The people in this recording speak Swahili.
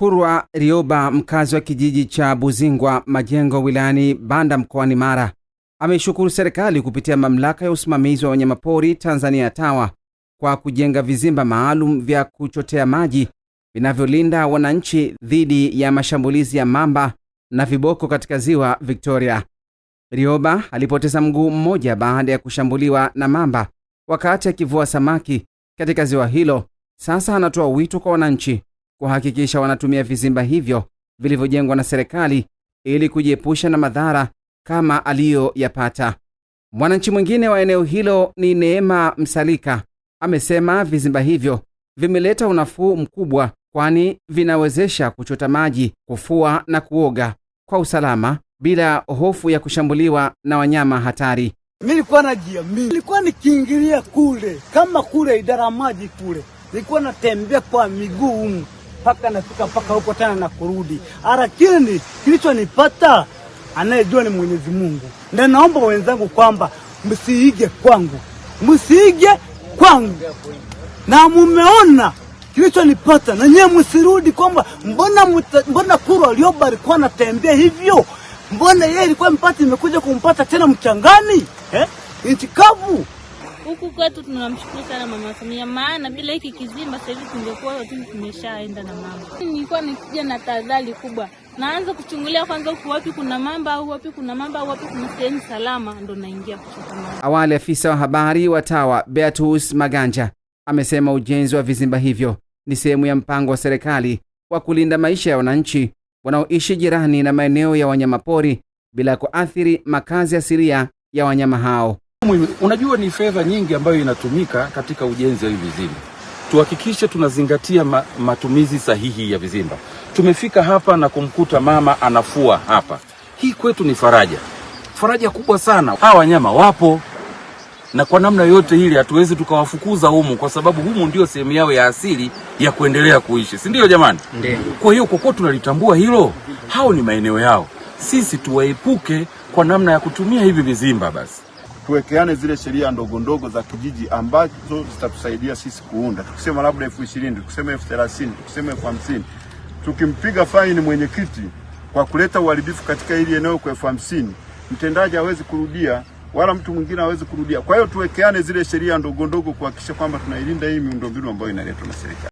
Kurwa Rioba, mkazi wa kijiji cha Buzingwa Majengo wilayani banda mkoani Mara, ameishukuru serikali kupitia mamlaka ya usimamizi wa wanyamapori Tanzania TAWA kwa kujenga vizimba maalum vya kuchotea maji vinavyolinda wananchi dhidi ya mashambulizi ya mamba na viboko katika ziwa Victoria. Rioba alipoteza mguu mmoja baada ya kushambuliwa na mamba wakati akivua samaki katika ziwa hilo. Sasa anatoa wito kwa wananchi kuhakikisha wanatumia vizimba hivyo vilivyojengwa na serikali ili kujiepusha na madhara kama aliyoyapata. Mwananchi mwingine wa eneo hilo ni Neema Msalika, amesema vizimba hivyo vimeleta unafuu mkubwa, kwani vinawezesha kuchota maji, kufua na kuoga kwa usalama bila hofu ya kushambuliwa na wanyama hatari. Nilikuwa najiamini, nilikuwa nikiingilia kule kama kule idara maji kule, nilikuwa natembea kwa miguu mpaka nafika mpaka huko tena na kurudi. Lakini kilichonipata anayejua ni Mwenyezi Mungu, na naomba wenzangu kwamba msiige kwangu, msiige kwangu, na mumeona kilichonipata na nyewe msirudi, kwamba mbona muta, mbona kuru alioba alikuwa anatembea hivyo, mbona yeye ilikuwa mpati imekuja kumpata tena mchangani eh, nchi kavu. Huku kwetu tunamshukuru sana Mama Samia, maana bila hiki kizimba sasa hivi tungekuwa tumeshaenda na mama. Nilikuwa nikija na tahadhari kubwa, naanza kuchungulia kwanza, huku wapi kuna mamba au wapi kuna mamba au wapi kuna sehemu salama, ndo naingia kuchota mamba. Awali afisa wa habari wa TAWA Beatus Maganja amesema ujenzi wa vizimba hivyo ni sehemu ya mpango wa serikali wa kulinda maisha ya wananchi wanaoishi jirani na maeneo ya wanyamapori bila kuathiri makazi asilia ya wanyama hao. Unajua, ni fedha nyingi ambayo inatumika katika ujenzi wa hivi vizimba. Tuhakikishe tunazingatia ma, matumizi sahihi ya vizimba. Tumefika hapa na kumkuta mama anafua hapa, hii kwetu ni faraja, faraja kubwa sana. Hawa wanyama wapo na kwa namna yote ile hatuwezi tukawafukuza humu, kwa sababu humu ndio sehemu yao ya asili ya kuendelea kuishi, si ndio jamani? Ndiyo. Kwa hiyo kwa kuwa tunalitambua hilo, hao ni maeneo yao, sisi tuwaepuke kwa namna ya kutumia hivi vizimba basi tuwekeane zile sheria ndogo ndogo za kijiji ambazo zitatusaidia sisi kuunda. Tukisema labda elfu ishirini, tukisema elfu thelathini, tukisema elfu hamsini, tukimpiga faini mwenyekiti kwa kuleta uharibifu katika hili eneo kwa elfu hamsini, mtendaji hawezi kurudia wala mtu mwingine hawezi kurudia. Kwa hiyo tuwekeane zile sheria ndogo ndogo kuhakikisha kwamba tunailinda hii miundombinu ambayo inaletwa na serikali.